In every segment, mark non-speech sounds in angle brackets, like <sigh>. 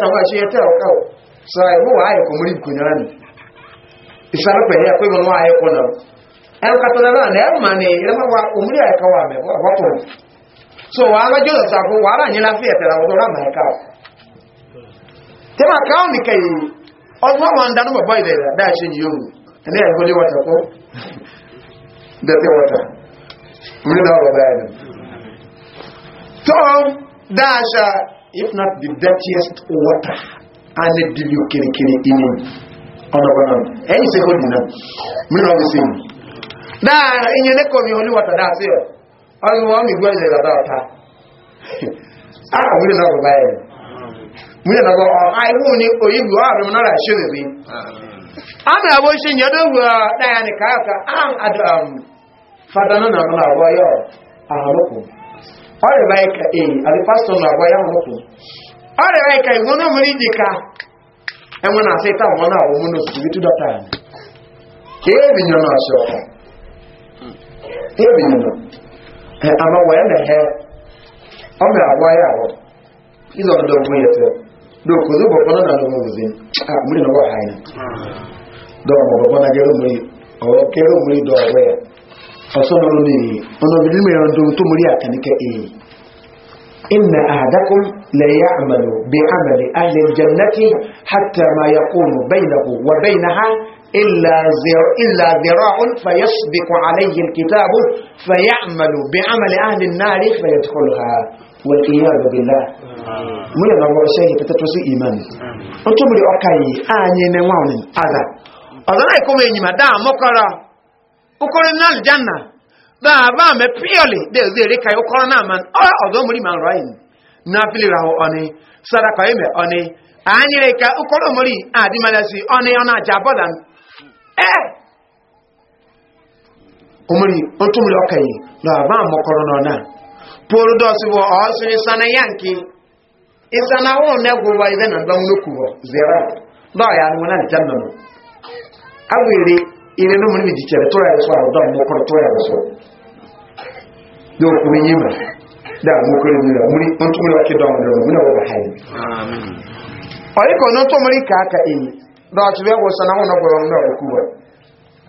tawashi ya tawo kawo sai mu waye ko muri isara ya ko mu waye ko na ka tona na el wa umri ya so wa ga ko wa ra ni la fi etera wo ra ma ka ka ni kai o ma wa nda ba da shi ni ya ko wata ko da te wata mu da wa if not the dirtiest water a na-edili okirikiri ime ọnọgọnọ ẹ̀yìn sí holy na mìíràn ọmọ sí dáa inye nẹ́kọ̀ mi holy water dáa sí ọ ọdún wọn mi gbọ́ <laughs> ah, náà bàbá ẹ̀ mìíràn ni ààrùn ah, náà ṣe rẹ̀ ṣe ní ọrịa báyìí ka ee àti pásítọ̀ nà àgbáyà ọ̀pọ̀ ọrịa báyìí ka ìwọ náà mọ̀rí ìdí ka ẹwọn náà ṣe tá àwọn náà wọ́n náà ya tó dọ́ta yẹn kéèbì yẹn náà ṣe ọ̀pọ̀ kéèbì yẹn náà ẹ àmọ́ wọ́n yẹn lẹ́hẹ́ ọmọ mmiri na ìzọ̀ ọ̀dọ̀ ọ̀gbọ́n yẹn tẹ́ dọ̀kọ̀ ló bọ̀ fọ́nà náà lọ́wọ́ òzin àmúlẹ̀ mmiri wọ́n àyìn ya فصبرني انا بدي ميرون دو تو إيه. ان احدكم لا يعمل بعمل اهل الجنه حتى ما يكون بينه وبينها الا زر الا ذراع فيسبق عليه الكتاب فيعمل بعمل اهل النار فيدخلها والعياذ بالله من الله شيء تتوسي ايمان انتم اللي اوكاي اني نواون هذا هذا لا يكون يما دام مقرا ukoro na aljanna da ba me purely de ze re kai ukoro na man o odo muri man roin na fili raho oni sadaka ime oni anyi re ka ukoro muri adi malasi oni ona jabodan eh umuri otumuri okai da ba mokoro no na poro do si wo o si sana yanki isana wo ne go wa ibe na ba nuku ho zera da ya ni wona aljanna no awere ire no muri gichere tora yeso arada mo kora tora yeso do da mo kora mira muri onto muri akido ndo muri amen oyiko no to muri kaka ini do atwe na sana ho no goro ndo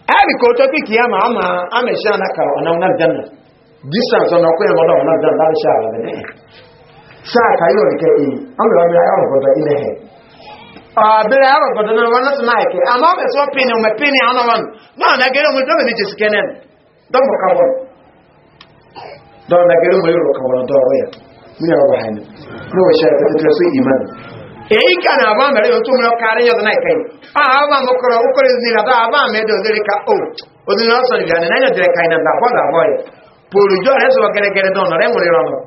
a abi ama ama ka na distance na ala ka ọ abere aro godo na wana snaike ama be so pini o me pini ana wan na na gero mu dobe ni jiskenen don mo ka won don na gero mu ro ka won do ro ya mi na ba hani no we sha ta ta so iman e ka na ba mere o tum na kare yo na kai a ba mo ko ro ko re ni na da ba me do zere ka o o ni na so ni ga na na dire kai na da ko da ho ye poru jo re so gere gere don na re mu ro no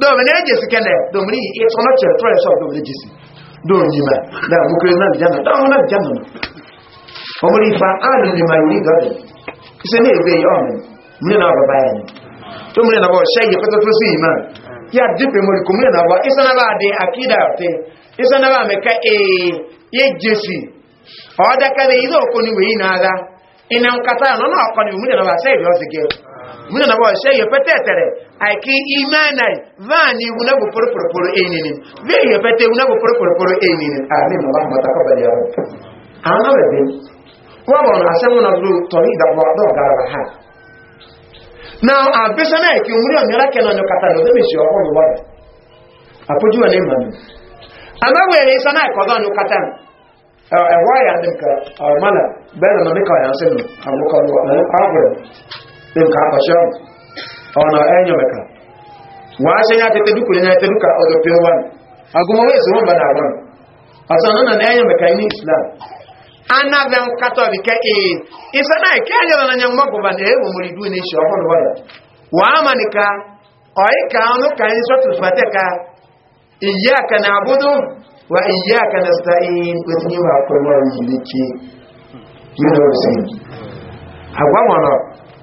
do me ne jiskenen do mi e, e so na che to re so do mi jiskenen don ji ba da mukure na janna da mu na janna omo ri fa alu ni mai ri gari ise ne be yo ne mu na ba ba ni to mu na ba shayi ko to si ma ya jipe mo ri ko mu na ba isa na ba de akida te isa na ba me ka e ye jesi o da ka be ido ko ni we ina ga ina nkata no na ko ni mu na ba sai bi o se muna na bawa shey yepetetere aiki imana vani una go poro poro poro einini ve yepete una go poro poro poro einini amin allah matakabali ya rab ana bebe wa ba na asemu na du tori da wa do ha na ki umuri kenan no kata no ko wa wa ne na ko ga e, no kata ka dem ka akɔhyɛ ɔmo ɔno ɛnyɛ bɛka wɔahyɛ nyɛ atete duku nyɛ atete duka ɔdɔ pɛn wan agoma wɔyɛ sɔrɔ mba na awan na islam bi na na na ɛyɛ wɔmɔri du ne ka ka ka yi sɔ tutumatɛ ka ka na abudu wa iya ka na sa'in wetin yi wa akɔlɔ yi ne ke yi agwa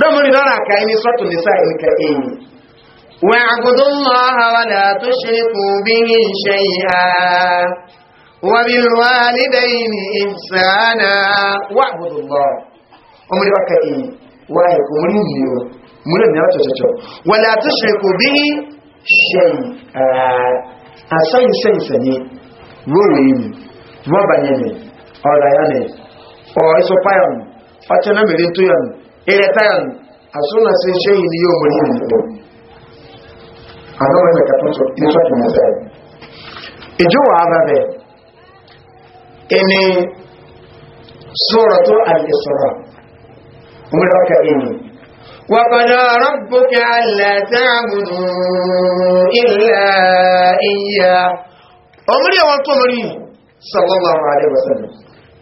dọ́mọ̀rin lọ́rọ̀ àkàí ní sọ́tù nìsá ìkà èyí wà àgùdùn máa hàwàlà tó ṣe kù bí i ṣe ìhà wà bí wà nídẹ̀ ìní ìsànà wà àgùdùn lọ ọmọdé wà kà èyí wà ẹ̀kọ́ mú ní ìlú mú ní ìlú ọ̀tọ̀ọ̀tọ̀ wà là tó ṣe kù bí i ṣe àṣàyìn ṣe ìṣẹ̀ni wọ́ọ̀rọ̀ èyí wọ́n bàyẹ̀ ni ọ̀rọ̀ ayọ́ ni ọ̀ ìsọpáyọ̀ ọ̀tẹ̀ náà mèrè tó yọ̀ ni irẹtan asúnà sí ṣe yìí ni yóò mú ní ìlú àwọn ẹ̀ka tó tó tó mẹ́sẹ̀ ìjọwọ́ abẹ́bẹ̀ ẹni sọ̀rọ̀ tó àìsọ̀rọ̀ múlọ́kà ẹni وَقَضَى رَبُّكَ أَلَّا تَعْبُدُوا illa إِيَّاهُ Omri وأنتم صلى الله عليه Wasallam.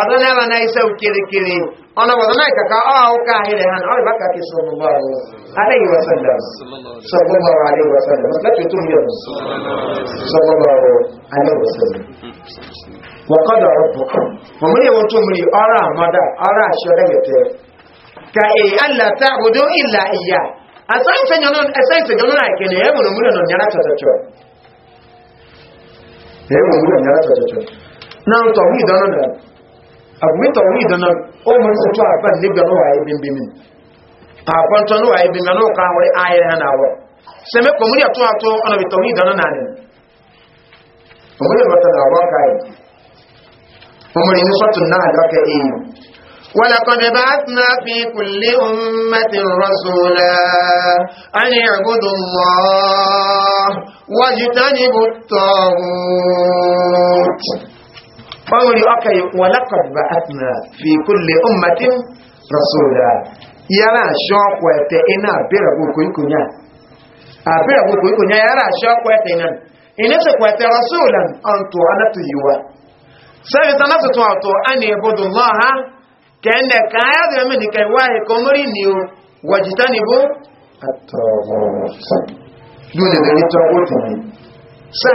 ọdún lẹ́wà náà iṣẹ́ òkèrèkèrè ọ̀nà wọ̀dọ̀ náà kàkà ọ̀hún káàkiri hàn ọ̀rẹ́ bá kàkì sọ̀rọ̀mọ̀ aléyìí wọ́sẹ̀lẹ̀ sọ̀rọ̀mọ̀ aléyìí wọ́sẹ̀lẹ̀ mọ̀sílẹ̀ tó yọ̀ sọ̀rọ̀mọ̀ aléyìí wọ́sẹ̀lẹ̀ wọ́kọ́dọ̀ ọ̀pọ̀ mọ̀mọ́ yẹ̀wò tó ọrụ ọ̀rọ̀ àmọ́dá ọ̀rọ̀ àṣẹ ọ̀rẹ́gẹ̀tẹ̀ ka èyí alàtà òdó ìlà ìyà àsáyẹ̀sẹ̀ yọ̀nà àìkẹ́ni ẹ̀mọ̀ lòmúlò nà nyàrá tọ̀tọ̀tọ̀ ẹ̀mọ̀ lòmúlò nyàrá tọ̀tọ̀tọ̀ náà tọ̀hún agumin tawhid nan o mun sa tuwa ban ni gano waye bimbimin a kwanto no waye bimbimin no kan wai ayar hana wa sai me ato to to ona bi tawhid nan nan komuri mata na kai na da ka yi ولقد بعثنا في كل أمة رسولا أن اعبدوا bawuri aka yi walakad ba asina fi kulle ummatin rasula yana shakwa ta ina a bira kuikunya yana shakwa ta ina ina su kwata rasulan an to anatu yiwa sai ta nasu to to an ibudu allah kende kaya da min kai wahi komori ni o wajitani bu dole da ne sai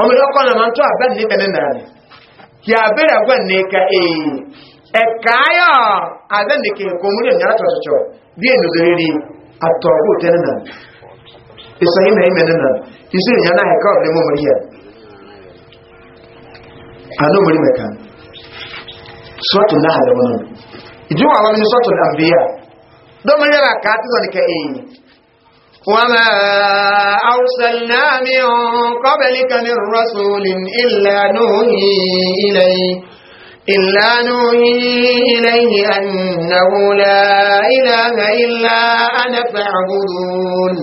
ọmọdé e. e ọkọ na ma ń tọ́ àbẹ́ ní ẹni náà ni kì í abẹ́rẹ́ àgbà ní ẹ̀ka èyí e. ẹ̀ka ayọ̀ àbẹ́ ní kì í kò múlẹ̀ nyàrá tọ̀tọ̀tọ̀ bí ẹ̀nu lórí àtọ̀ ọkọ̀ tẹ́ni náà ìsọ yìí mẹ́rin mẹ́rin náà ìsọ ìyá náà ẹ̀ka ọ̀rẹ́ mọ́ mọ́rí yẹ àná mọ́rí mẹ́ka sọ́tù náà àlẹ́ wọn ìdíwọ̀ àwọn mi sọ́tù náà bíyà yàrá kàá tí وما أرسلنا من قبلك من رسول إلا نوحي إليه إلا نوحي إليه أنه لا إله إلا أنا فاعبدون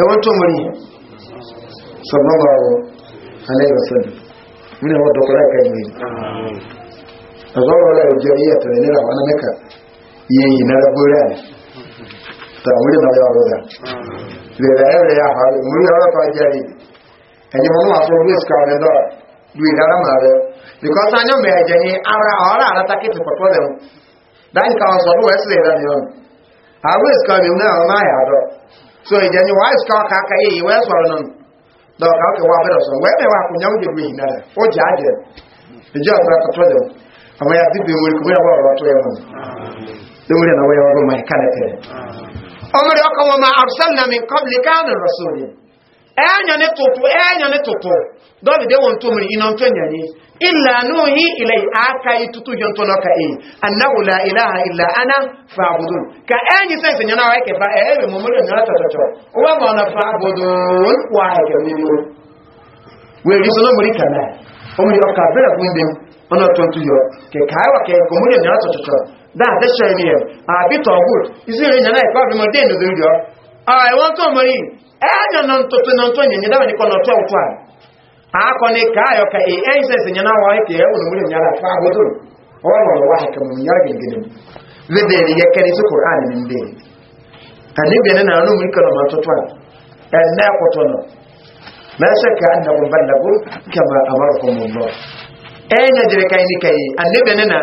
أولتم لي صلى الله عليه وسلم من هو الدكتور كريم أظهر لا يجرية لنا وأنا مكة ينرى بولاني tàwílì mọ́lẹ́ ọ̀rọ̀ rẹ̀ rẹ̀rẹ̀ rẹ̀ àhàrí múrí ọ̀rọ̀ tó jẹ́ yìí ẹ̀yìn mọ́nú àfọ orí ìsìkà rẹ̀ dọ́rọ̀ lu ìdára mà rẹ̀ because anyọ́ mẹ́ẹ̀jẹ̀ yìí ara ọ̀rọ̀ àrà takìtì pọ̀pọ̀ rẹ̀ mu dáyìí kan sọ ló wẹ́sì rẹ̀ ni ọ̀nà àwọn ìsìkà rẹ̀ náà ọ̀nà àyà dọ̀ so ìjẹ́ ni wàá ìsìkà ọ̀ka aka yìí wẹ́ sọ̀rọ̀ nù dọ̀ka ọ̀kẹ́ wà bẹ̀rẹ̀ sọ̀rọ̀ wẹ́ẹ́ mẹ́wàá kò nyàwó jẹ̀bi yìí náà ó jẹ́ àjẹ́ ìjọ ọ̀tọ̀ akọ̀tọ̀ dẹ̀ àwọn yà bíbí wọlé kò wọ́n yà wọ́ ọ̀rọ̀ tó yẹ wọn. Dómìnà náà wọ́n yà wọ́n máa ká ọmọdé ọkọ̀ wọn máa àrùsánà mi kọ́bìlì káàmì rọ̀sọ̀rì ẹ̀yàn ní tuntun ẹ̀yàn ní tuntun dọ́bìdé wọn tó mìíràn iná tó yẹ̀yẹ ilà náà yí ilẹ̀ àáka yìí tuntun yọ tó lọ́ka èyí anáwòlá ìlàhà ìlà aná fàbùdùn ka ẹ̀yìn sẹ́yìn yẹn náà ẹ̀kẹ̀fà ẹ̀ẹ́rẹ̀ mọ̀mọ́lẹ̀ náà tọ̀tọ̀tọ̀ wọ́n mọ̀ ọ̀nà fàbùdùn wà ẹ̀kẹ̀ mímú wẹ̀rí sọ́nà tọ̀tọ̀tọ̀ that that's showing here. A ah, bit of good. You see, in the night, God will maintain the video. I want to marry. Eh, ah, eh, eh, oh, and you know, to know, to know, you know, you know, ka e ẹyin sẹ sẹ nyana wọn kẹ ẹwọn ya nyana fa agodo wọn wọn wa ka mu nyara gẹgẹdẹ mu bẹbẹ ni yẹ kẹni ti koran ni n bẹni na anu na na ka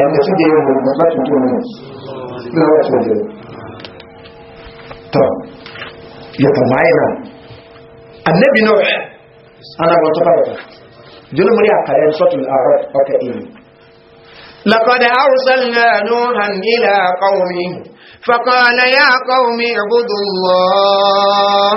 ẹni tí dé ohun láti tó ní lọ́wọ́ tó lè tọ́ yàtọ̀máìnà annabi náà anagbọn tó báyìí jùlọ mú ní àkàrẹ sọ́tún àárọ̀ ọkẹ̀ ìlú لقد أرسلنا نوحا إلى قومه فقال يا قوم اعبدوا الله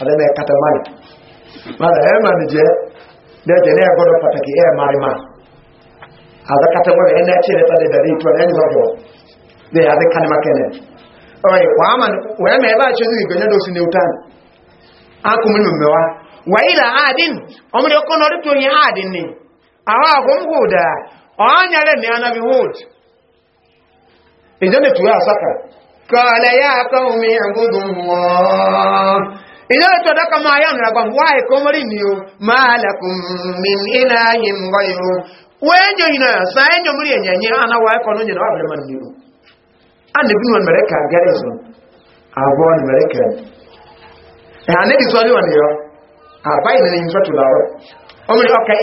adana kata mai mara e eh, ma ni je de je ne godo pataki e eh, mari ma ada kata eh, na chere ta de dari to ne de ada ma kene oi wa ma we me ba che ni utan aku me wa wa ila adin ko no to ni adin ni awa ko le ana bi tu ya saka قال يا قوم اعبدوا الله ìjọba tó dọ́kọ̀ máa yá ọ̀nà àgbọ̀n wáyé kó mọ́rí mi o máa lẹ́kùn mímí iná yìí ń gbọ́ yìí o wọ́n ń yọ ìyìnà sáà ń yọ mọ́rí anáwọ̀ ẹ̀kọ́ ní ìyẹn wàbẹ̀rẹ̀ máa nìyẹn o a nì wọn mẹ̀rẹ̀ kà gẹ́rẹ́ sùn àbọ̀ mẹ̀rẹ̀ kẹ́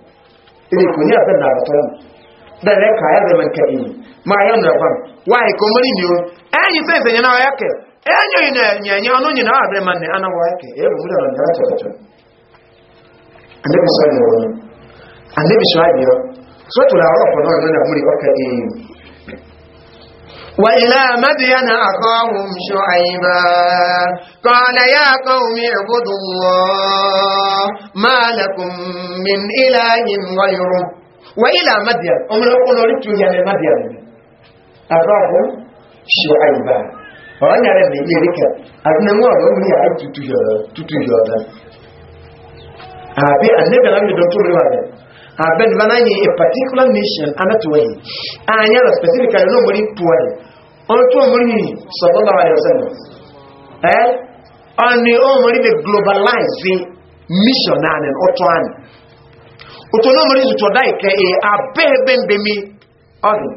ile ko ni abin na batoran da ne kaya da man kai ma yan na fam wai ko mari ni o enyi sai na ya ke enyi ne nyenye ono ni na abin man ne ana wa ya ke e bu da ran da ta ta annabi sallallahu alaihi wasallam annabi shaibiyo so to la ro ko no na muri o ka وإلى مدين أخاهم شعيبا قال يا قوم اعبدوا الله ما لكم من إله غيره وإلى مدين أم لقل رجل يا مدين أخاهم شعيبا ọ̀rọ̀ yàrá mi yé ríkà àdínàmú ọ̀rọ̀ mi yàrá tutù yọ̀rọ̀ tutù yọ̀rọ̀ àbí àdínàmú mi dọ̀ tó rí wà rẹ̀ abẹ́ni bá náà yẹ a particular nation anatomy àyàrá specifically náà mo rí tuwari ohun omori mọ́rí sallallahu alaihi wasallam ẹ́ ọ̀nà ohun mọ́rí the globalizing mission náà ní ọ̀tọ́ àná òtò náà mọ́rí ìtọ̀ dá ìkẹ́ ẹ̀ abẹ́ẹ̀bẹ́ ń bẹ̀mí ọ̀rìn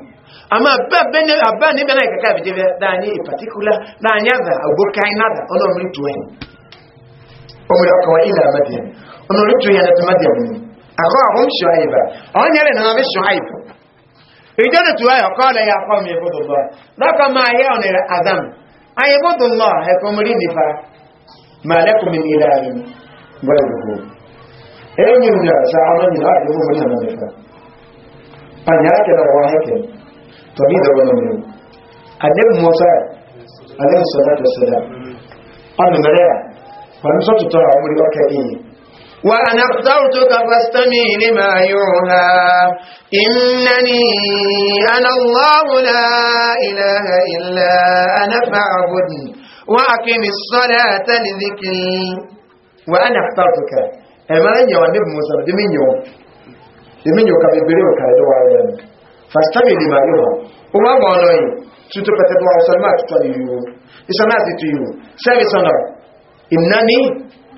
àmọ́ abẹ́ẹ̀ níbẹ̀ náà ìkẹ́kẹ́ àbíjẹ́fẹ́ dáàní in particular dáàní àgbà àgbókà ináda ọ̀nà mọ́rí tó ẹ̀yìn ọmọdé ọkọ̀ wọ́n ilẹ̀ àmàdìyàn ọ̀nà na tó ẹ̀yìn ìjọ́dọ̀ tó ayọ̀ kọ́ọ̀lẹ̀ ya kọ́ mi ìbúdó e lọ lọ́kọ̀ máa yẹ ọ̀nà adam ayébúdó lọ ẹ̀kọ́ mú rí nípa ma lẹ́kùnmí ní ilẹ̀ ààrin gbọ́ẹ̀gbogbo èyí ń dà sá ọmọ ìlú àdúgbò mú ìlànà nípa àyà kẹlẹ̀ wọ hẹ́kẹ̀ tọ́bí ìdọ̀wọ́ nà mú adébù mọ́sá adébù وأنا اخترتك فاستمع لما يوحى إنني أنا الله لا إله إلا أنا فاعبدني وأقم الصلاة لذكري وأنا اخترتك أما أن يوانب موسى دمينيو دمينيو دمين يوم كايدو عالم يعني. فاستمع لما يوحى وما بانوي tutu pẹtẹtẹ wa ọsàn máa tutọ ìyú ìsàn náà ti tu ìyú sẹ́ẹ̀rì sọ̀nà ìnáni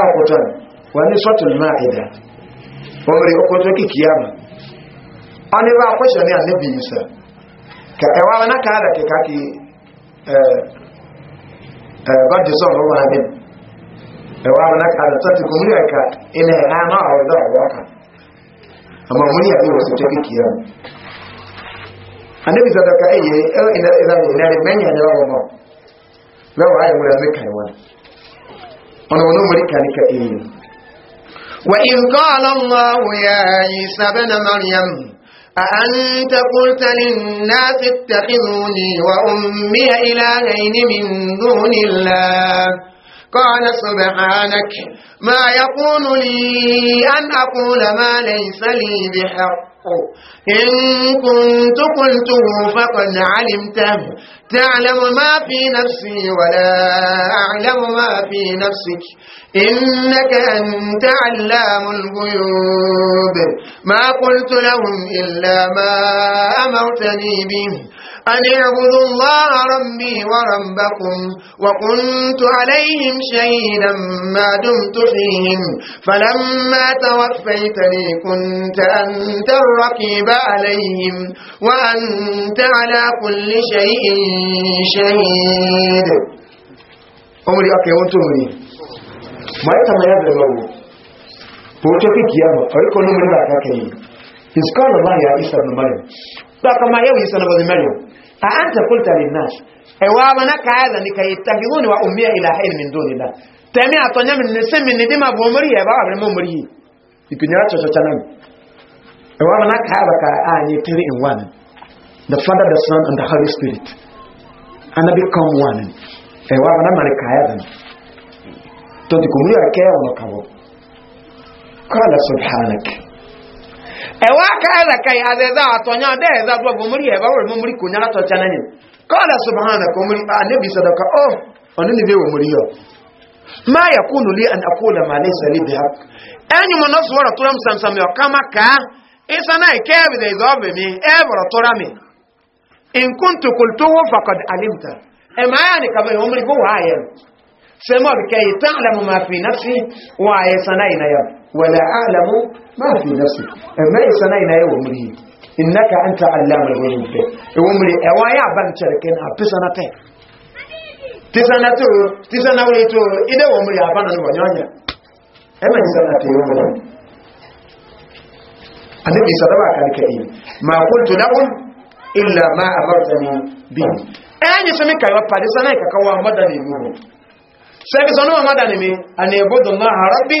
ọ̀pọ̀tọ̀ wọ́n ní sọ́tùl máa ìdá wọ́n mẹ́rin ọkọ̀ tó kìkì yàmù wọ́n ní bá kwẹ́sọ̀ ní àníbì yusa ka ẹwà wọn ká àdà kìkà kí bọ́dì sọ ọ̀rọ̀ wọn bíi ẹwà wọn ká àdà tọ́tù kò múlẹ̀ ká ilẹ̀ àná ọ̀rọ̀dọ̀ ọ̀rọ̀ ká àmọ́ múlẹ̀ àbí wọ́n sì tó kìkì yàmù àníbì sọ̀tọ̀ ká ẹ̀yẹ ẹ̀rọ ìlànà ìlànà mẹ́yìn àdéhùn ọmọ lọ́wọ́ ayẹ̀wò rẹ̀ mí kàìwọ́n وإن قال الله يا عيسى بن مريم أأنت قلت للناس اتخذوني وأمي إلهين من دون الله قال سبحانك ما يكون لي أن أقول ما ليس لي بحق إن كنت قلته فقد علمته تعلم ما في نفسي ولا أعلم ما في نفسك إنك أنت علام الغيوب ما قلت لهم إلا ما أمرتني به أن اعبدوا الله ربي وربكم وكنت عليهم شهيدا ما دمت فيهم فلما توفيتني كنت أنت الرقيب عليهم وأنت على كل شيء شهيد أمري أكي وانتمري ما يتم يبلغ هو تفكي يا ما أريكم نمرنا كاكي إذ قال الله يا عيسى ابن مريم فكما يا عيسى ابن مريم أأنت قلت للناس أوامنك هذا لكي يتخذوني وأمي إلى حين من دون الله تمي أتوني من نسم من ندم أبو مريم أبو أبو مريم يكون يراتو شتنام أوامنك هذا كأني تري in one the Father, the Son, and the Holy Spirit and I become one أوامنك هذا تنتي كمريم كيف ونكبو قال سبحانك ẹwà káàlà kai àdẹ́dá àtọ̀nyá dẹ́ẹ̀dá tó bọ̀ múrí ẹ̀bá wọ̀rẹ̀ múrí kò nyára tọ̀tẹ̀ náà yìí kọ́ọ̀lá subhana kò múrí ànẹ́bí sọ̀dọ̀kà ọ́ ọ̀nà níbi wọ̀ múrí yọ ma yà kú nulí an akóla ma lẹ́sẹ̀ lé e e bi ha ẹ̀yìn mọ̀ náà sọ̀rọ̀ tó rẹ̀ sàmsàmì ọ̀ká má ká ìsà náà ìkẹ́ mi ẹ̀ bọ̀rọ̀ mi nkún tukul tó wọ́ fakọ̀d alimta ẹ̀ máa yà ni kàbí ìwọ̀n múrí kó wà á yẹ sẹ́mọ̀ bìkẹ́ yìí tán àlẹ́ mo máa fi náà sí wọ́n àyẹ̀ sàn náà ولا أعلم ما في نفسي ما يسنا إنا يومري إنك أنت علام الغيوب يومري أوايا بانشركين أبسنا تي تسنا تو تسنا ولي تو إذا يومري أبانا نوانيا أما يسنا تي يومري النبي صلى الله عليه وسلم ما قلت لهم إلا ما أمرتني به أنا سمعك يا بابا لسنا كوا مدني نور سيكسونو مدني أن يعبد الله ربي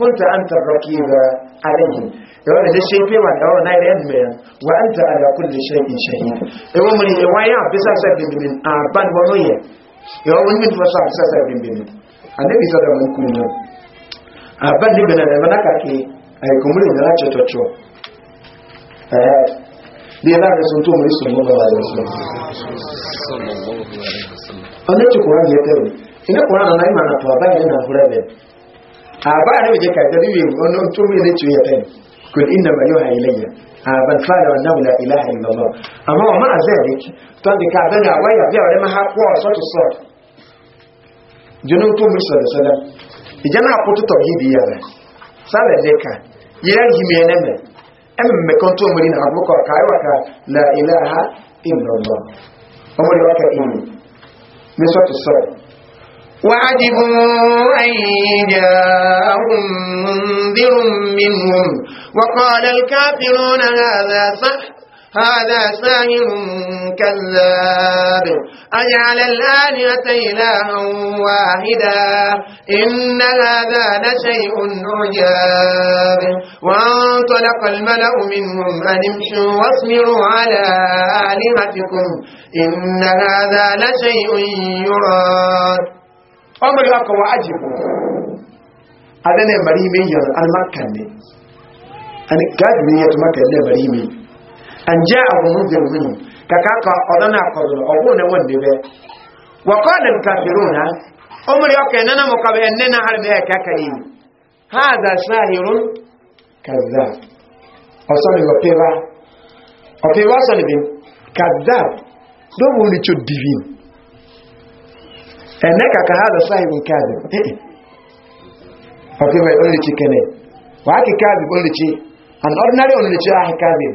كنت أنت الركيب عليهم يقول هذا الشيء فيما يقول ناير أدمير وأنت على كل شيء شهيد يقول من يوايا بسا سبب من أبان ونوية يقول من فسا بسا سبب من النبي صلى الله كل وسلم أبان لبنا لمنا كاكي أي كمولي نلا تشتوتشو لأن هذا سنتو مريس صلى الله عليه وسلم صلى الله عليه وسلم أنا تقول هذا يترون إن قرآن أنا إما أنا توابعي أنا هرابين ba ne je kai da bibi on on tumi ne ciye tan kun inna ma yuha ilayya ha la ilaha illallah amma wa ma azalik tan de ka na wa ya biya ma ha ko so to so jinu to mu sallallahu alaihi wasallam ijana ko to tauhidi ya na sala de ka yar himi ne me em me kon to mu ni ha ko ka wa ka la ilaha illallah amma wa ka so to so وعجبوا أن جاءهم منذر منهم وقال الكافرون هذا صح هذا ساهر كذاب أجعل الآلهة إلها واحدا إن هذا لشيء عجاب وانطلق الملأ منهم أن امشوا واصبروا على آلهتكم إن هذا لشيء يراد famar ya kawo aji ko a dane mari mai yau an makan ne an gadi ne ya tuma kan ne mari mai an ja abu mun zai mun ka kaka odana kodo obo ne wonde be wa qala al kafiruna umar ya kan nan mu kabe nan har me ka kare hada sahirun kazzab osani wa peva o peva sani bin kazzab do woni chodivin ene ka ka hadha sahibu kadhib okay well only chikene wa ki kadhib only chi an ordinary only chi ah kadhib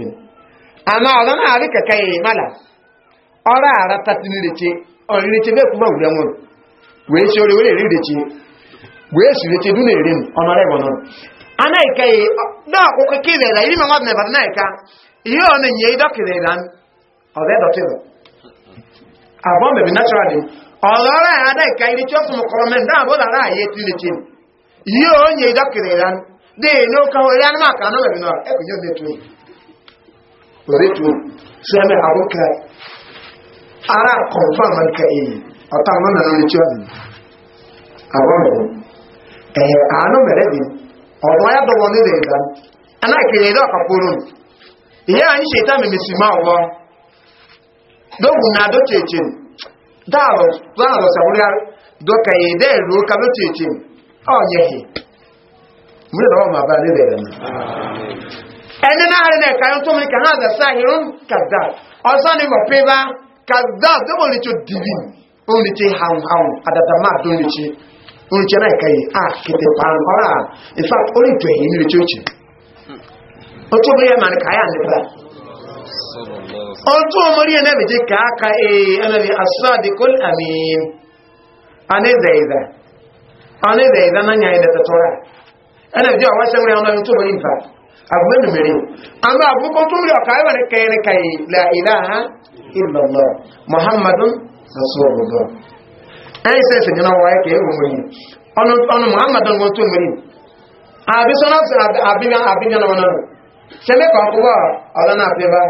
ama odana ari ka kai mala ora ara tatini le chi only chi be ku ba gura won we chi ori eri we si le du na ere ona re ana kai da ko ke kire da iri na eka ihe ne nyi dokire ọ ode abọ́ mẹ̀bí naturally ọ̀rọ̀ ọ̀rọ̀ àdá ìka ilé tí ó fún ọkọ̀rọ̀mẹ́ náà ara ya àyè tí lè tí yí ó ń yẹ ìdọ́kìrì ìran dé inú ọkọ̀ orí anúmọ̀ àkànú mẹ̀bí náà ẹkùn yóò lè ara kọ̀ǹfà mọ̀nkà èyí ọ̀tá àwọn nà lórí tí ó dì abọ́ mẹ̀bí bi ọ̀rọ̀ ya dọ̀wọ́ nílẹ̀ ìran anáìkiri ìdọ́kàpọ̀rọ̀ dogu na do cecin daro daro sabular do kai da ru ka do cecin onye he mu da ma ba ne da nan ene na hare ne kayan to mun kana da sahirun kadda ozo ni mo peba do mo ha ma do na e a pa ora in fact ni hmm. o to bi man ọtún ọmọrí ẹnẹ́bì jẹ́ kàákà ee ẹnẹ́bì asọ́dìkún àmìn anẹ́zẹ̀ẹ̀zẹ̀ anẹ́zẹ̀ẹ̀zẹ̀ na nyà ẹ̀dẹ̀ tẹ̀tọ́ra ẹnẹ́bì jẹ́ ọwọ́ṣẹ́ mẹ́rin ọ̀nà tó mọ̀rí nfa àgbẹ̀ mẹ́rin mmiri. àbúkọ́ tó mẹ́rin ọ̀kà ẹ̀wẹ̀rẹ̀ kẹrin kàyè la ilaha illallah muhammadun rasulullah ẹ̀yìn sẹ́sẹ̀ nyina wọ́n ayẹ́ kẹ́ẹ̀ wọ́n mẹ́rin ọ̀nà muhammadun wọ́n tó mẹ́rin àbísọ́nà àbíyànà wọn náà sẹ́mẹ́kọ̀ọ́kọ́ ọ̀lọ́nà àfẹ́fẹ́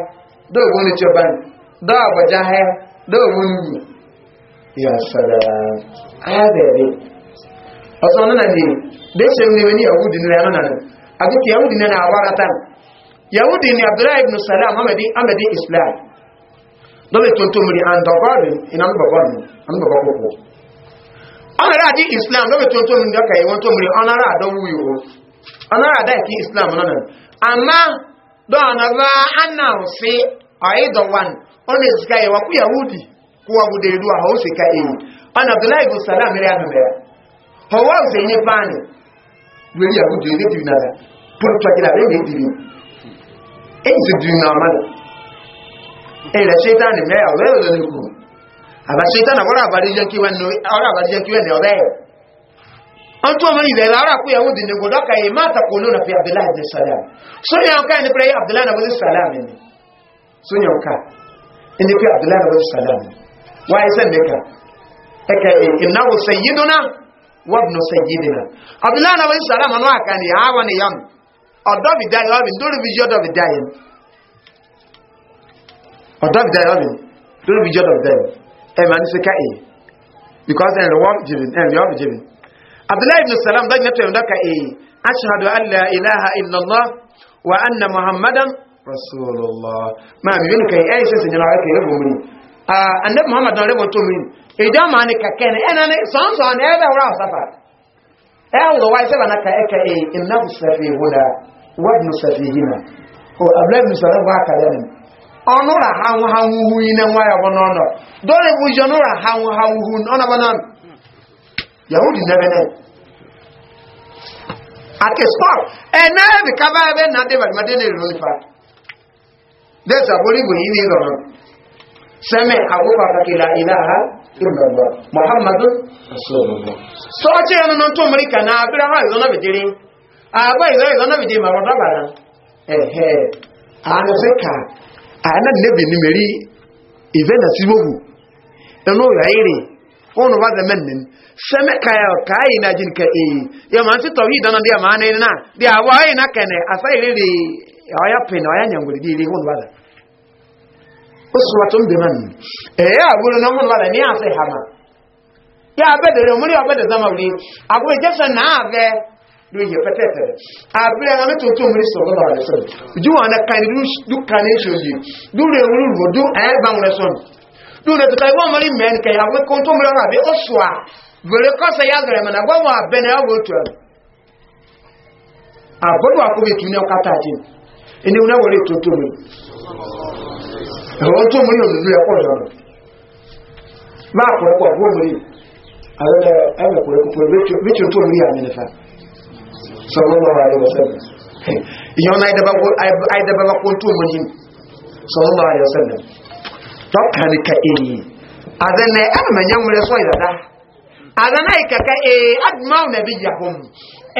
dɔɔbo ne kyɛban dɔɔbo gyahɛ dɔɔbo ne yi yasara aya bɛɛbi ɔsɔ ɔno na de dehyɛ mu nemani yahudi ne ɛno nana agye ke yahudi ne na awarata yahudi ne abdullahi ibn salam amadi amadi islam dɔbɛ tontomri andɔgɔrin ɛnam bɔbɔrin ɛnam bɔbɔ koko ɔnara adi islam dɔbɛ tontomri dɔkɛ ɛwɔntomri ɔnara adɔwu yi o ɔnara adaki islam nana ama dọọ na ana nfe ọyị dọwan ọ na-esika yahudi kwụwa gudo edu ahụ osika eyi ọ abdullahi bụ salam mere anụ mere họwa ọsọ enye yahudi ebe diri nara pụrụtwa diri e diri na e ya aba an to mani da lara ku ya wudin go da kai mata ko nuna fi abdullahi ibn salam sun ya kai ni prayer abdullahi ibn salam ne sun ya ka ni fi abdullahi ibn salam wa ya san ka aka e e, innahu sayyiduna wa ibn sayyidina abdullahi ibn salam an wa kan ya wa ne yam odo bi dai wa bi ndori bi jodo bi dai odo bi dai wa bi ndori bi jodo bi e man se ka e because en reward given en reward given عبد الله بن السلام ده نبت يمدك ايه اشهد ان لا اله الا الله وان محمدا رسول الله ما بينك اي شيء سجل عليك يا ابو مني النبي محمد ده ربو تومين اذا ما أنا كان انا سان سان ايه ده وراه سفر ايه ولو عايز انا كا ايه انه سفي هدى وابن سفيهما هو عبد الله بن السلام واك يا انورا هاو هاو وينا وايا بنونو دوري بوجنورا هاو هاو هون انا بنان yahudi nɛbɛnɛ ati stop ɛnɛ bi kaba bɛ na de balima ne lori fa de saboli bo yi ni lɔrɔ sɛmɛ awo b'a fɔ kila ilaha muhammadu sɔɔci yɛn nɔ tó mori kana abiri awa yi zɔnna bi diri aba yi zɔnna yi zɔnna bi diri ma wata bara ɛhɛ ana se ka ana ne bi nimeri ife na sibogu ɛnu wọn wà dẹ̀ mẹ́rin sẹ́mi ee yẹ màá ti tọ̀wé ìdáná díẹ̀ màá nìyí náà díẹ̀ àwọ̀ ayé náà kẹ́nẹ̀ àsáyèrè rè pin ọ̀yà nyàngòrì dìrì wọn wà dẹ̀ ó sùn wàtó ń bẹ̀ mọ́ nìyí ẹ̀yẹ àgbọ̀rọ̀ ya wọn wà dẹ̀ ní ya hàmà de abẹ́dẹ̀rẹ̀ ọmọdé ọbẹ̀dẹ̀ zamawuli àgbọ̀ na náà abẹ́ sọrọ ju du du dune tuta gwa mari men ke ya we konto mura na be oswa vele kosa ya zere mana gwa wa bene ya wotu a bodu akobe tuni okata jin ene una wole toto mi ẹ̀wọ̀n tó mú ní òdúdú ẹ̀kọ́ ìjọba máa pọ̀lọpọ̀ ọgbọ́n mú ní àwẹ́lẹ̀ ẹ̀wẹ̀ pọ̀lọpọ̀ méjì tó mú ní àmìnifà sọlọ́lọ́wà ayọ̀sẹ́lẹ̀ ìyọ́n àìdàbàkó tó mú ní sọlọ́lọ́wà ayọ̀sẹ́lẹ̀ dɔkari ka eyi adana ɛna mɛ nyamuri sɔ yada adana yi kaka ee adumaw na bi yahom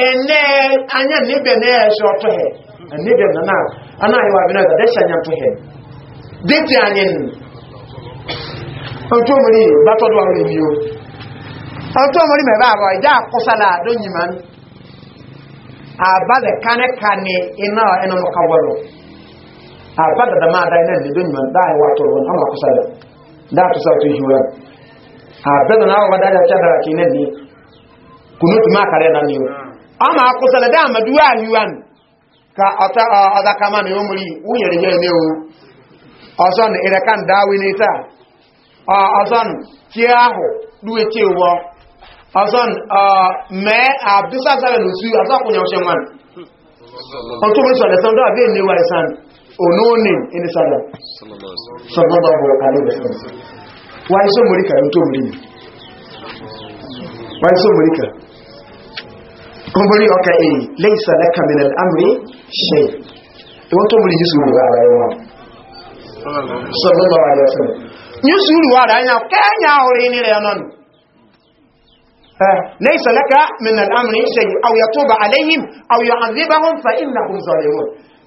ɛnɛ anya ne bɛ ne yɛ sɛ ɔtɔ hɛ ne bɛ na ana yi wa bi na yɛ dɛsɛ anya to hɛ dete anya nu ɔtɔ mori batɔ do awo ebi o ɔtɔ mori mɛ baa bɔ ɛdá akɔsala do nyima aba de kane kane ina ɛnɔnɔ kawɔlɔ. abada da ma dai nan libin man dai wato won amma kusa da da to sa to hiwa abada na wa da ta da ki nan ni kunut ma kare nan ni amma kusa da ma duwa hiwan ka ata ada kama ne umuri unyere ye ne o oson ire kan dawi ni ta oson ti ahu duwe ti wo oson me abisa sala nusu asa kunya oshenwan on to mo so le san do wa isan onóòní ìnísàlẹ̀ sọ̀gbọ́dọ̀bọ̀ àlébẹ̀sẹ̀ wà ní sọ́mọ̀ríkà ní tó mìí wà ní sọ́mọ̀ríkà kọmọrí ọkà èyí lẹ́ìsà lẹ́kàmìnà àmì ṣe ìwọ́n tó mìí yíṣùrù ara ẹ̀wọ̀n sọ̀gbọ́dọ̀ àlébẹ̀sẹ̀ yíṣùrù ara ẹ̀yàn kẹ́yà orí ní rẹ̀ náà ليس لك من الأمر شيء أو يتوب عليهم أو يعذبهم فإنهم ظالمون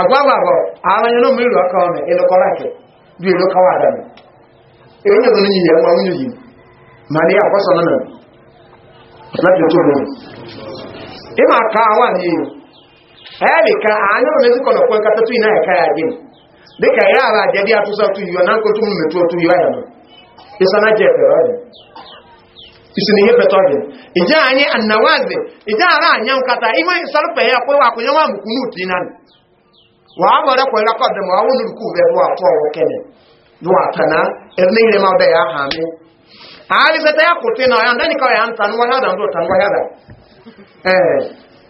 agwagwa agwọ aranye no mmiri ọka ọmọ ịlụkọrọ akị bi elu adam n'iyi ya nwa nwunye yi ma ya akwọsọ na ịma awa ka na ọkwọ nkata na ya gị dịka ya ara aja dị atụsọ tuyi ya na otu ịsa na isi na ihe dị ije anyị ije ara anya nkata ihe ya akwụnye nwa wàá mọ̀ rẹ́pọ̀ ìrákọ̀ dẹ̀mọ̀ àwọn olùkú rẹ̀ ló àtọ́ ọ̀wọ́ kẹ́nẹ̀ ló àtàná ẹni ilé máa bẹ̀rẹ̀ àhà mi. àárín sẹ́tẹ́ àkùtì náà ẹ̀yàn dẹ́ni kọ́ ẹ̀yàn tanu wáyà dàn dùn tanu ha tó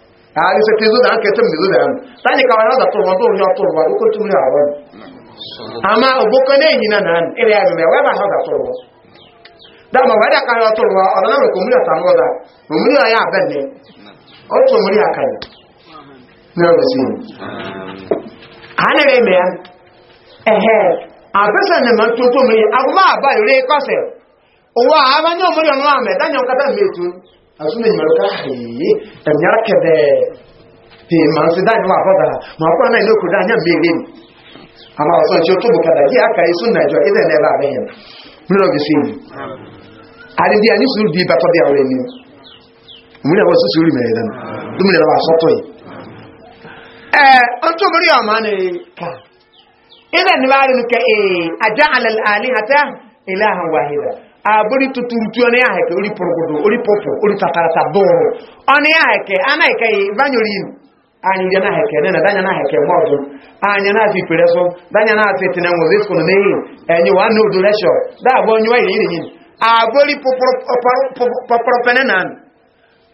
wọn ha yọ tó wọn ha kó túmí àwọn. àmà òbókọ náà èyí náà nàn ilẹ̀ ha wẹ́ẹ̀ ha. yọ tó wọn. ha yọ tó anaghị eme ya ehe apesa na mmanụ tuntun mmiri agụma aba ire kọsịl ụwa abanye omori ọnụ ahụ meda nye etu asụ na enyemaka ahayi emnyara kebe pe ma da ma na ịnokwu anya mme ire ama otu bụ kada aka isu na ịjọ abịa anyị suru dị suru na ee tó mọ́rí ọmọ ní ká ilẹ̀ ni bá rí ní ká ee ajá alàlẹ́ àtà ilẹ̀ àwọn wàhídà àbúrí tuntun tí ó ní àhẹ̀kẹ́ orí pọ̀rọ̀gbọ̀dọ̀ orí pọ̀pọ̀ orí tàtàràtà bọ́ọ̀rọ̀ ọ ní àhẹ̀kẹ́ anáìkẹ́ yìí bányọrí yìí anyị na heke danya na heke mgbe ọzọ anyị na azụ ikpere danya na wa onye yi abụọ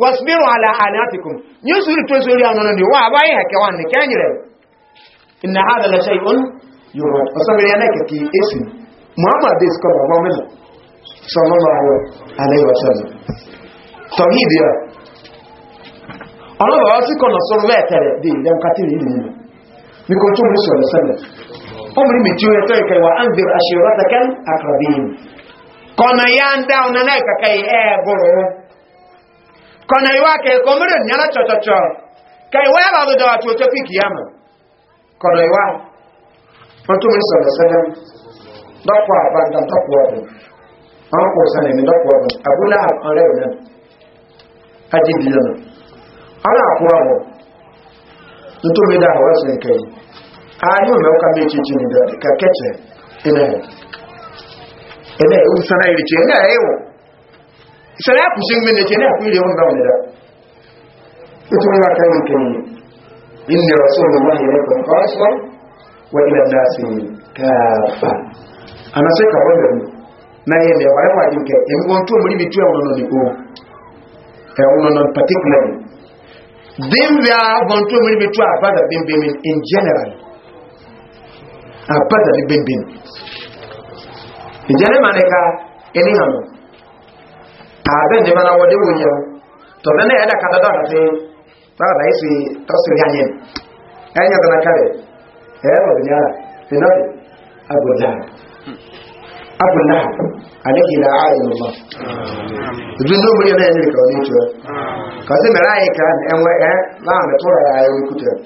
wasbiru ala alatikum nyi suru to sori anono ni wa abaye hake wan ne kenyere inna hada la shay'un yuro asabiri ana ke ki esi muhammad is ko baba mel sallallahu alaihi wasallam tawhid ya ana baba si ko so be tere di dem katiri ni mi ko to mi so le sele omri mi tiwe to e kai wa anzir ashiratakal aqrabin kona yanda unanaika kai e eh, goro eh. kọnyere iwe aka ka o chọchọchọ ka iwe ya bụ ọdụdọ atụ otu pik ya ma kọnyere iwe ahụ otu mmiri sọrọ sọrọ dọkwa abada dọkwa ọdụ ọrụ kwụrụ na-eme dọkwa ọdụ abụla ọrịa ọrịa ajị bi ya akwụ ọrụ ahụ nke anyị ụmụ ụka mmiri chichi na ka e na sɛlɛ kusin min ne kyɛnɛ akuri yɛn ba wuli da ito ne ka yi kan yi inni rasulullah ya yakun qaswa wa ila nasi kafa ana sai ka wanda ni na yin da wani wa jinka in gon to muri bitu awon no ni ko e awon no particular din ya gon to muri bitu abada bin bin in general abada bin bin in general ne ka eni hamu ààbẹ̀ ní bá wọ́n déwò yẹ tọ̀bẹ̀ náà ẹ̀dà kàdọ́dọ̀ àti sáàdà ìsì tọ́sìrì àyẹ̀ ẹ̀yẹ̀ tọ́nà kárẹ̀ ẹ̀rọ ìyára fìnàfì agbọ̀dá agbọ̀dá alẹ́kìlá àìlùmọ̀ zunubu yẹn náà yẹn nìkan ní ìtura kọ́sí mẹ́rẹ́ ayé kan ẹ̀wọ̀n ẹ̀ láàmì tó rẹ̀ ayé kútu ẹ̀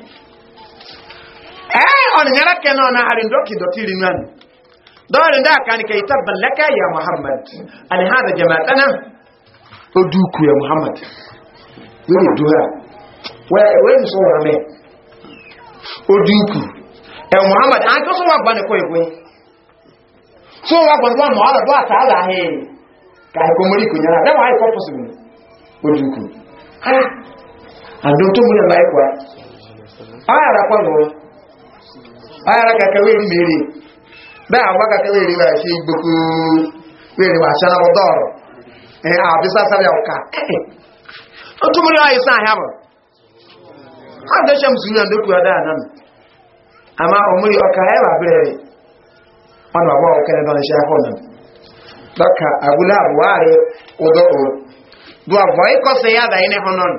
ẹ̀ ọ̀nìyàrá kẹ́ náà náà àrìndọ́kì ya muhammad odu ukwu ya muhammad wey do her wey nso wura me odu ukwu muhammad a kí ó sọ́wọ́ àgbà nìkọ́ ìpín sọ́wọ́ àgbà nìkọ́ àmọ́ àdàdọ́ àtàlà ahìn kàìkọ́ mọ́rí kò ha àdó tó múlẹ̀ láìkọ́ eh a ah, bisa sabe auka otumuri ayi sa ha bo ha de sham sunya de ku ada nan ama omuri oka e ba bere ona wa o kere don sha ko nan daka agula ware odo o do avoi ko se ya da ya honon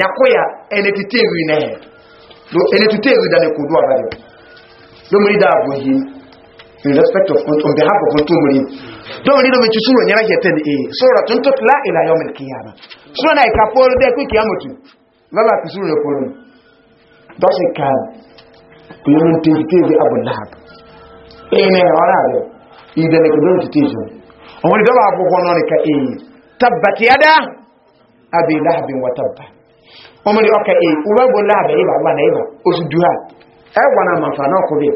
ya koya ene titewi ne do ene titewi da ne ku do abade do muri da in respect of on behalf of Kuntumuri. Don't read them to Surah Nyara Jeten E. Surah Tuntut La Ila Yom El Kiyama. Surah Na Ikapolo De Kwi Kiyamutu. Lala Kisuru Yokolun. Dose Kan. Kuyomun Tinjitivi Abu Lahab. Ene Warabe. Ida Abu Ka E. Eh, tabbat Yada. Abi Lahabin Watabba. Omuli Oka E. Uwabu Lahab Iba Wana Iba. Osu Duha. Ewa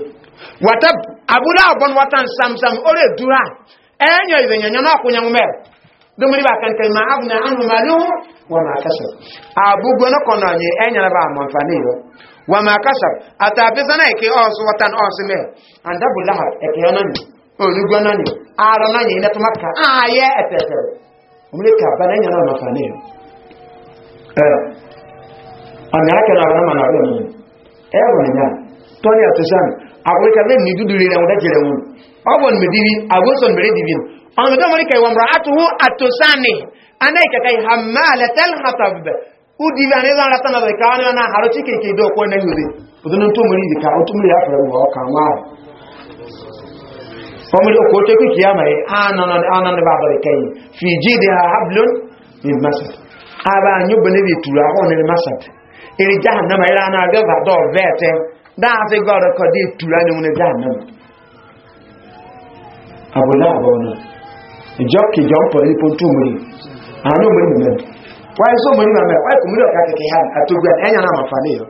eh, na Abụla àbọ̀n watan samsam orí dúrà ẹ̀yàn ìrìnyànyàn náà kò yẹn mẹ́rẹ̀ domini ba kankan ma abu na anu ma wa ma kasab abu kono ba wa ma kasab na ke watan me anda e ke ni o ni na ni makka aye ah, etete ka ba na ma fani yo eh ke na ba na ma na yo eh, ni e ni akwai ka zai nidu dure da wata jere wuri ọgbọn mai dibi agwuson mere dibin ọmọ da marika iwa mra atuhu atusani anai ka kai hamalatal hatabba udi ba ne na zai kawo na haro cike ke do ko na yuri udunin tumuri da ka utumuri ya fara ruwa ka ma famili ko te hablun min aba nyu bene bi tura ko ne masad na ga ba do dáàsì gbọ́dọ̀ kọ́ dé ìtura ni wọn dá náà àbúlá àbọ̀ náà ìjọ kìjọ ń pọ̀ ní pọ̀tù mú ní àwọn ọmọ ìmọ̀ mẹ́rin wáyé sọ mọ̀ ní mẹ́rin wáyé kò múlẹ̀ ọ̀ká kẹ̀kẹ́ hàn àtògbà ẹ̀yàn so màfà ní yọ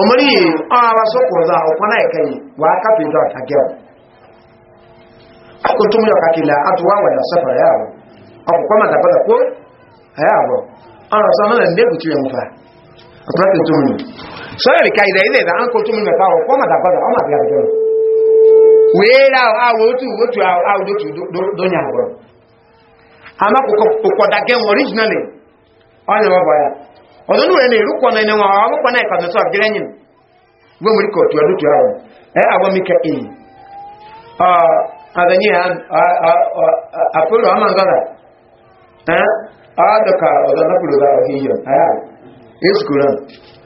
ọmọ ní yìí ọ̀rọ̀ àwọn sọ́kùn ọ̀zọ́ ọ̀pọ̀ náà ẹ̀kẹ́ yìí wà á kápẹ́ ìjọ àtàgẹ́ ọ̀ akọ̀tún múlẹ̀ ọ̀ká kìlà àtúwà wọ̀nyà sọ́fà ẹ̀yà ọ̀ ọ̀pọ̀ máa dàbọ̀dà kó ẹ̀yà ọ̀ ọ̀rọ̀ sọ́mọ́lẹ̀ ní sọ́yọ̀rì ah, ah, ah, e, eh? ka ilẹ̀ ilẹ̀ ìdáhán kò túnmù mẹ́fà ọ̀pọ̀ màdàgbọ́dọ̀ ọmọ àbí àjọ wéèrà àwọ̀ otu òtù àwòdòtù dónyà àgbọ̀ àmà kòkòdà gẹ́m originally ọ̀nà wọ́bọ̀ ya ọ̀dọ́nù rẹ̀ ní ìrúkọ̀ náà ìnáwó àwọn náà ìkàtọ̀ sọ àbíjẹ́rẹ́ gbọ́mùrí kọ̀ tù ọdún tù ẹ àwọn mi ọmọ ngọ́dà ọ̀dọ̀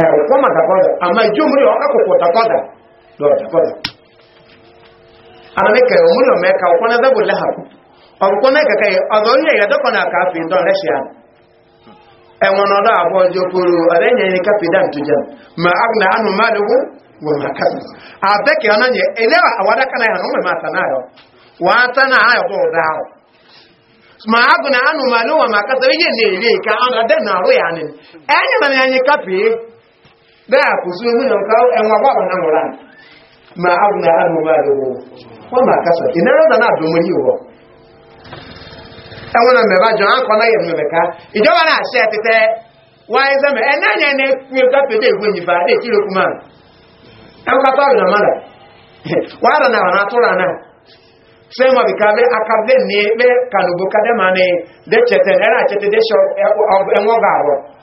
ọ̀pọ̀mà takọ́dà àmà ìjọmúrí ọkàkùkù takọ́dà ya takọ́dà alamẹ́kẹ̀ ọmúrí ọmẹ́ka ọkwọ́nà dábò láhà ọkwọ́nà ya eh, ma agna anu malugu wa ma kasu abẹ́kẹ̀ ọ̀nà yẹ ẹlẹ́wà àwádà kan náà ọmọ ìmọ̀ àtàná yọ wà á tán náà ma agna anu malugu wa bẹ́ẹ̀ kò sí omi nǹkan ẹwọn agbábọn náà wọ́n ma agbọn àánú bá lówó wọ́n ma kásọ̀ ìnáyà náà náà dùnmọ́ yìí wọ́ ẹwọn mẹ́bà jọ ánkọ náà yẹ̀mí mẹ́ka ìjọba náà ṣe títẹ́ wáyé sẹ́mẹ̀ ẹ̀nà ní kadẹ́mà ní dẹ́chẹ̀tẹ̀ ẹ̀rà àwọ̀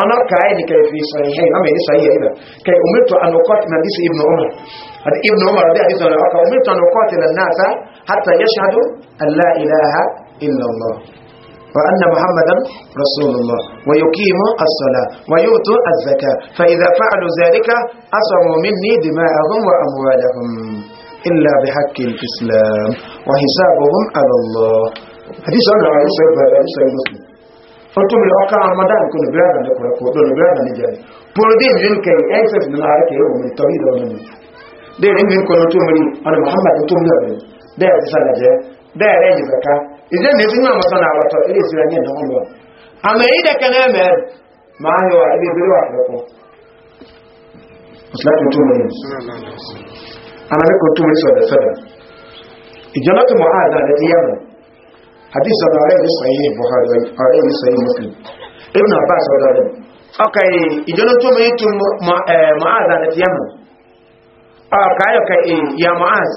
أنا كاين كي في صحيحين أما إيه صحيح إذا كي أمرت أن أقاتل حديث ابن عمر ابن عمر رضي حديث عن أمرت أن أقاتل الناس حتى يشهدوا أن لا إله إلا الله وأن محمدا رسول الله ويقيم الصلاة ويؤتوا الزكاة فإذا فعلوا ذلك أصموا مني دماءهم وأموالهم إلا بحق الإسلام وحسابهم على الله حديث عن عليه الصلاة والسلام fotobile waka ramadan ko no bela da ko ko do bela da jani prodin yin kai access na ara ke o mi tawi da ni de rin yin ko to mi ala muhammad to mi da da ya sala je da ya yin zakka idan ne sunna masana wa to ile sira ne da Allah amma ida kana mer ma yo abi bilwa ko muslatu to mi ana ko to mi so da sada ijalatu mu'adha da yaman hadith ọ̀nà ọ̀rẹ́ mi sọ yìí buhari ọ̀rẹ́ mi sọ yìí muslim ibn abbas ọ̀dọ̀ rẹ̀ ọkà ìjọ́nà tó mẹ́yìn eh, ah, eh, ah, tó ma'az àti yamu ọkà ayọ̀kà ya ma'az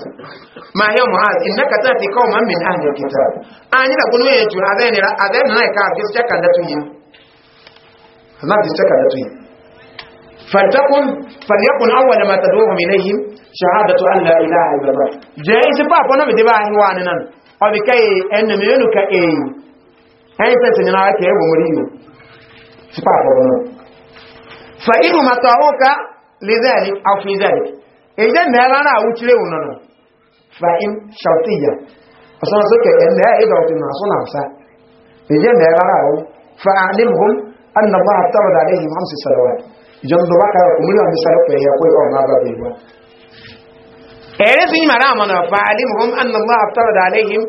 ma yọ ma'az inda ka ta fi kawo mammin ahiyar a yi da gunu yanzu a zai nira a zai nira ka fi saka da tuyi amma fi saka da tuyi فلتكن فليكن اول ما تدعوهم اليه شهاده ان لا اله الا الله جاي سبا فانا بدي بقى dị ka ee ẹnna mere nu ka ẹni na nyina aka ẹwọ o fọrọ akọrọ nọ fa mata ọwụka lezari afọ izari eje ara awụchiri ewu nọ fa im ya. ya ọtụ na asọ na asa eje mmegharị ara awụ fa anim hum anna ma atọrọ da alaihi hamsi salawa ìjọba àmì sáré pẹ̀lú ẹ̀kọ́ ìwọ̀n náà bá bẹ̀rẹ̀ ẹ̀rẹ́ sí ìmàrá àmọ́nà fàálìmùhún annàlá àtàràdà aléhìm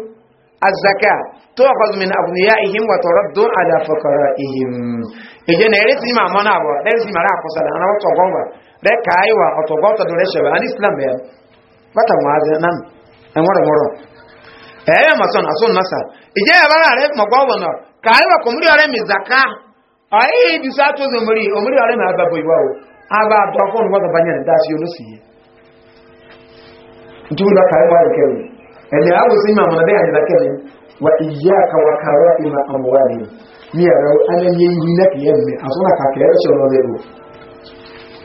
azaka tó ọkọ̀zùmìn àbúnyá ihim wàtọ̀rọ̀ dún àdàfọ̀kọ̀rọ̀ ihim na ẹ̀rẹ́ sí ìmà àmọ́nà àbọ̀ na sí ìmàrá àkọsàdà àwọn ọ̀tọ̀gọ́wà rẹ̀ káyíwà ọ̀tọ̀gọ́tọ̀dún islam bẹ̀rẹ̀ bátà wọn azẹ náà ẹ̀wọ̀n mọ́rọ̀ ẹ̀rẹ́ màsán nasa ìjẹ́ ẹ̀bára rẹ̀ mọ̀gbọ́wọ̀ náà káyíwà kòmúrí ọ̀rẹ́ mi ntunda kai ma da kai ele abu sai mamana da yanzu zaka ne wa iyyaka wa kara'ima amwali ni ya rawu anan yayi na kiyan me asuna ka kayar shi no lebo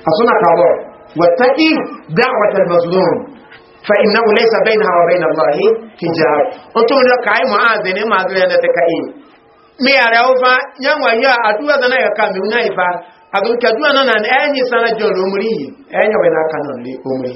asuna ka ba wattaqi da'wat al-mazlum fa innahu laysa bainaha wa bain Allah hijab ntunda kai ma azene ma azene da kai me ya rawu fa yanwa ya aduwa zana ya ka me unai fa abin kaduwa nan an enyi sana jolo muri enyi wa na kanon le omuri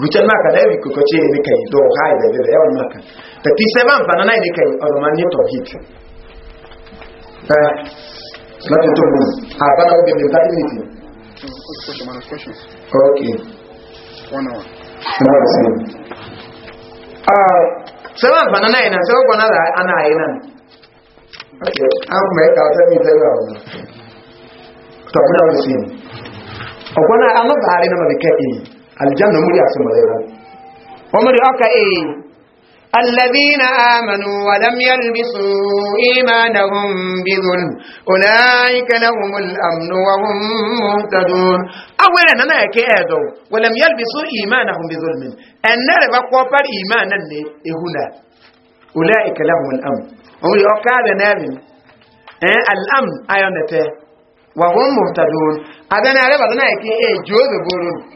guchan maka da yawi kuka ce ne kai do hai da da yawan maka ta ti sai ban fana nai e ne kai orman ne tauhid eh la to mu a bana ubi min ta ni ti okay one hour ah sai ban fana nai na sai gona da ana yi nan okay an mai ka ta mi ta yawa to kuma wani sin ogona an ba hari na mabika ini aljanna muri a sama yau umar aka e الذين آمنوا ولم يلبسوا إيمانهم بظلم أولئك لهم الأمن وهم مهتدون أولا أنا كأدو ولم يلبسوا إيمانهم بظلم أن نرى قوبر إيمانا هنا أولئك لهم الأمن أولي أكاد نابن إيه؟ الأمن أيونته وهم مهتدون أدنى ربنا كأجوز بولون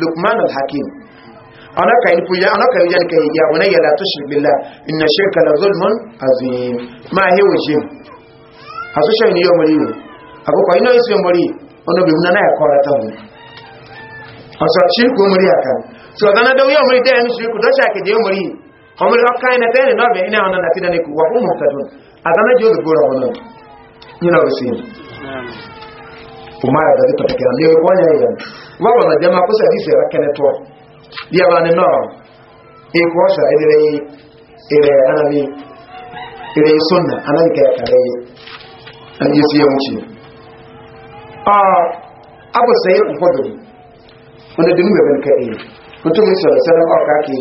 lukman al-hakim ọ̀nà kan yẹn kan yẹ ọ̀nà yẹ látọ́ ṣìgbìlá iná ṣe kàlà zulmon azim máa hewa jim àtúnṣe ìní yọ mọ̀rí àkọ́kọ́ iná ìsìn mọ̀rí ọ̀nà bìbùn náà ẹ̀kọ́ rẹ̀ tàbí ọ̀sọ̀ ṣírkù mọ̀rí so ọ̀dánà dọ́wọ́ yọ mọ̀rí dẹ́yẹmí ṣírkù dọ́ṣà kejì yọ mọ̀rí ọmọ ọkà iná tẹ́rẹ̀ náà bẹ̀ẹ́ iná ọ̀nà àti ìdánilẹ́kù wà fún mọ̀kàdùn àtànájì ó umara dazi totokera ndiwe kwanya hiyo wabaza jamaa kosa disi ya rakene to dia bane no ikosha edere ile anabi ile sunna anabi ka kare anjisi ya mchi ah abu sayyid al-khudri wanda dinu ben ka e mutum ne sallallahu alaihi wasallam ka ke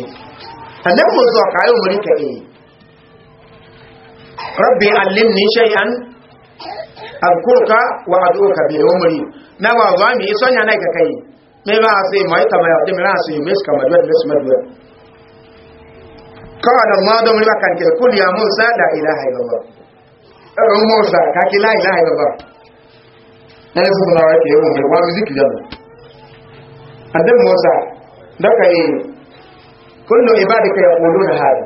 annabi mu zo ka yi umri ka e rabbi allimni shay'an azkurka wa aduka bi umri na wa wa mi sonya na kai me ba sai mai ta mai da mira sai mes kama da mes madwa kana ma da mu kan ke kul ya musa la ilaha illallah ɗan e musa ka ki la ilaha illallah ɗan e su na wa ke yi e umri wa zikri da annabi musa da kai kullu ibadika yaquluna hada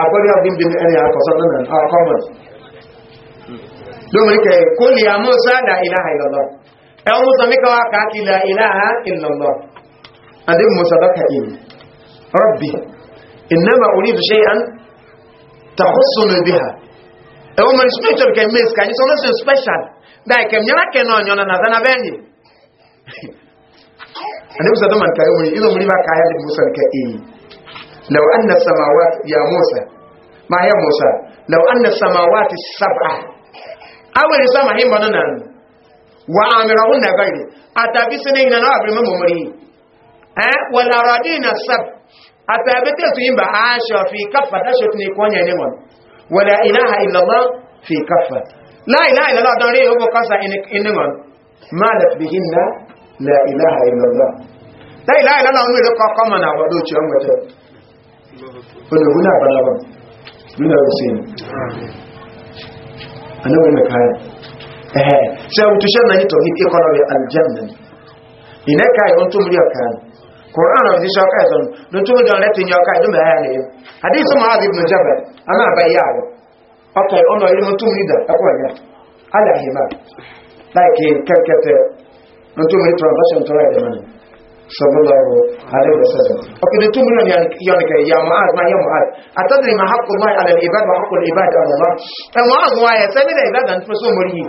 akwai abin bin ana ya kasallan a common لومي يا موسى لا إله إلا الله يا موسى ميكا واكا لا إله الله هذا موسى ذاك إيه ربي إنما أريد شيئا تخصني بها أو من سبيشال كان ميس كان يسون سو سبيشال داي كم يلا كان نون يونا نازانا بني <laughs> أنا موسى دوما كايوني إذا مريبا كايا موسى كايي لو أن السماوات يا موسى ما يا موسى لو أن السماوات السبعة awere sama himba na nan wa amira hunna gairi atabi sene ina na abri mamu muri eh wal aradina sab atabi te su himba asha fi kaffa dasho tni konya ne mon wala ilaha illa allah fi kaffa la ilaha illa allah dan re yobo kasa ine mon malat bihinna la ilaha illa allah la ilaha illa allah nwe ko koma na wado chi onwe te ko do huna balawa Bila usin. Amin. anawe mekaya ehe sɛ wotuhyɛ nanyi tɔ ikɔnɔ yɛ aljanna ina kai on tumuri aka qur'an of this aka don no tumuri don let nyo aka dum aya ne hadith ma ibn jabal ana ba ya ro aka ono ile no tumuri da akwa ya ala hima like kekete no tumuri transaction to ya de mani sallallahu alaihi wasallam ya ma'az ma ah, ya ma'az atadri ma ala wa ibad ala allah ma'az wa ya da ibadan fa so murihi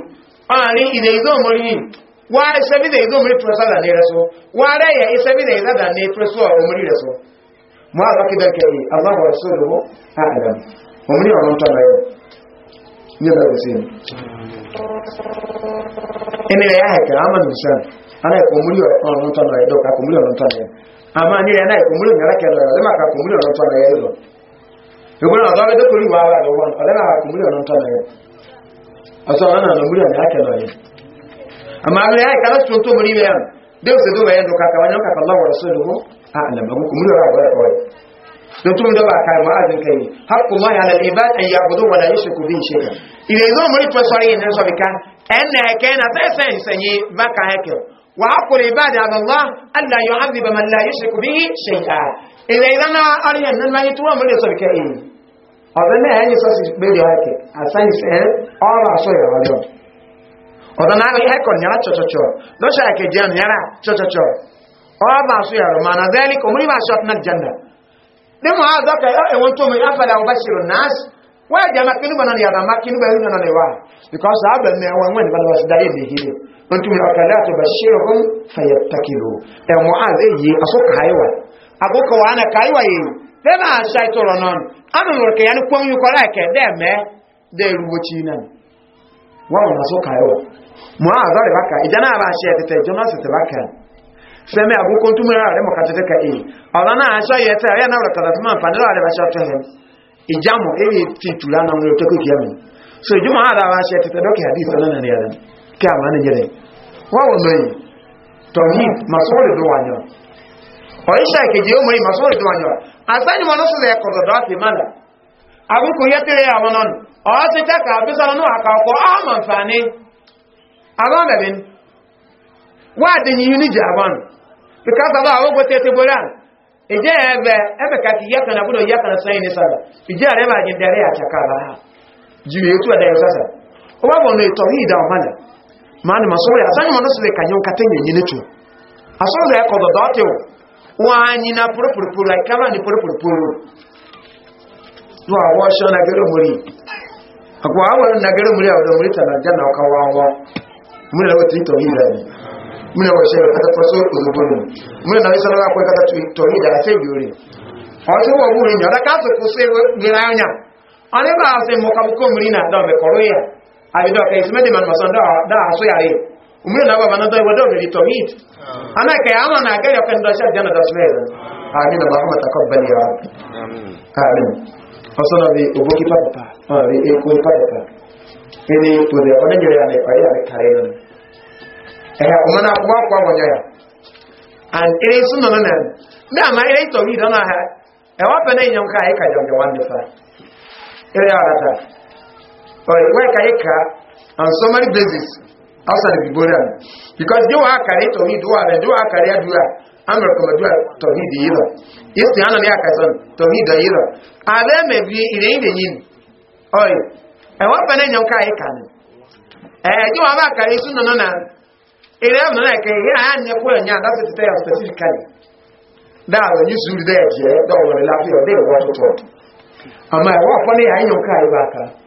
ani izo wa re da izo muri wa ya sabi da ibadan ne tuwa so muri rasul ma'az aqidal allah yo ne ene ya haka ana ikumuli ono ntono edo ka kumuli ono ntono edo ama ni ana ikumuli nyara kero edo ma ka kumuli ono ntono edo yobona odo be dokuri wa wa obo ono na ka kumuli ono ntono edo aso ana no muri ana kero edo ama ale ai kala so to muri be an deus edo be ndo ka ka wanyo ka Allah wa rasuluhu a'lam abu kumuli wa wa ko tuntun da ba kai ma'azin kai haqqu ma ala al-ibad an ya'budu wa la yushriku bihi shay'an ile zo muri to sare ne so bi kan en ne ke na sai sai sanyi ba ka hake وحق العباد على الله ألا يعذب من لا يشرك به شيئا إذا إذا أنا أريد أن ما يتوى من يصبك إيه أظن أن يصبك بيدي هكي اساني يسأل أولا أصير هذا أظن أن يحكي نرى تشو تشو لو شاك جان نرى تشو تشو أولا أصير معنى ذلك أمري ما شاكنا الجنة لما هذا كي أنتم من أفلا أبشر الناس Why they are not killing yàrá má kínú bẹ̀rẹ̀ nínú ìwà because ààbẹ̀ mẹ́wọ́n wọ́n ìbára wọ́n ti dáyé méjì rẹ̀ wọ́n tún mìíràn kàlẹ́ àtọ̀bà ṣíra hún fẹ̀yẹ̀ takìlò ẹ̀wọ̀n àz èyí aṣọ kàáyíwá àkókò wà ní kàáyíwá yìí lẹ́nà àṣà ìtọ̀rọ̀ náà àmìmọ̀ kẹ̀yà ní pọ́n yín kọ́lá ẹ̀kẹ́ dẹ́ mẹ́ dẹ́ ìrúwó chi náà wọ́n wọ́n aṣọ kàáyíwá mọ́ àzọ́ rẹ̀ bákà ìjà náà bá ṣe ẹ̀tẹ̀tẹ̀ ìjọ náà sì tẹ̀ bákà sẹ́mi àkókò tún mìíràn rẹ̀ mọ̀kàtẹ̀tẹ̀ kà èyí náà aṣọ yẹ tẹ̀ ẹ̀yẹ náà rẹ̀ kàdàtúmọ̀ àǹfààní lọ́wọ́ rẹ̀ bá ṣe ijamu iri ti tura na nwere otoku kiyami so ijuma hada wa shi tete doki hadis alana ne yaran ke ama ne jere wa wo loyi tawhid masori do wanyo o isha ke je umuri masori do wanyo asani mo no so ya kordo do ati mala abi ko yetere ya no aka a because eje ebe ebe ka ki yaka na budo yaka na sai ne sada ije are ba je dare ataka ba ji ye tu ada yosasa o ba wono tawhida o mala mani masoro ya sanyo mono sile kanyo katenye nyine tu asoro ya ko dodo te o wa anyi na purupurupuru ai kala ni purupurupuru wa wa sho na gero muri akwa awon na gero muri awon muri tana janna o kawawa muri la wetu tawhida ni muna washewa kata faso uzubuni muna na wisa lala kwe kata tohida na sebi uri ọtí wọ búrú ní ọdá káàtò kú sí gbéra ọnyà ọlẹ́bà àti mọ̀kàbùkọ́ mìíràn náà dọ̀mẹ̀ kọ̀rọ̀ yà àbídọ̀ kẹ́ ìsúmẹ́dì mọ̀sán dáa sọ yàrá yìí òmìnira náà bàbá náà dọ̀ ìwọ́dọ̀ òmìnira tohid anáìkẹ́ àwọn náà gẹ́rẹ́ ọkẹ́ ndọ́ṣẹ́ jẹ́ náà dọ̀ṣẹ́ amin àmì nà mọ̀kàmà takọ̀ bẹ̀lẹ̀ yà àmì ọsọ́nà bí ògbókí pàtàkà ọ̀rẹ́ èkó pàtàkà ẹni òdè ọ̀dẹ́nyẹrẹ àlẹ́kọ̀ọ́ ya rẹ̀ kàrẹ́ náà ehe ọmọdé ya and ere su nọ na ndị ama ere ịtọrọ ịdọ na ha ewa pere enyo nka anyị nwanne fa ere ya ọrata ọrị nwa e ka anyị ka many places basis outside the gregorian because dị wa akara ịtọrọ ịdọ wa abịa dị wa akara ya isti ana ne aka son tọhid yiro abẹ ire ire yin ọrị ewa na enyo ka akara nọ na ere am na ke ya ya ne ko nya that is there specifically that when you should there je don't worry lafi o dey what to talk ama e wa fo ni ayin ka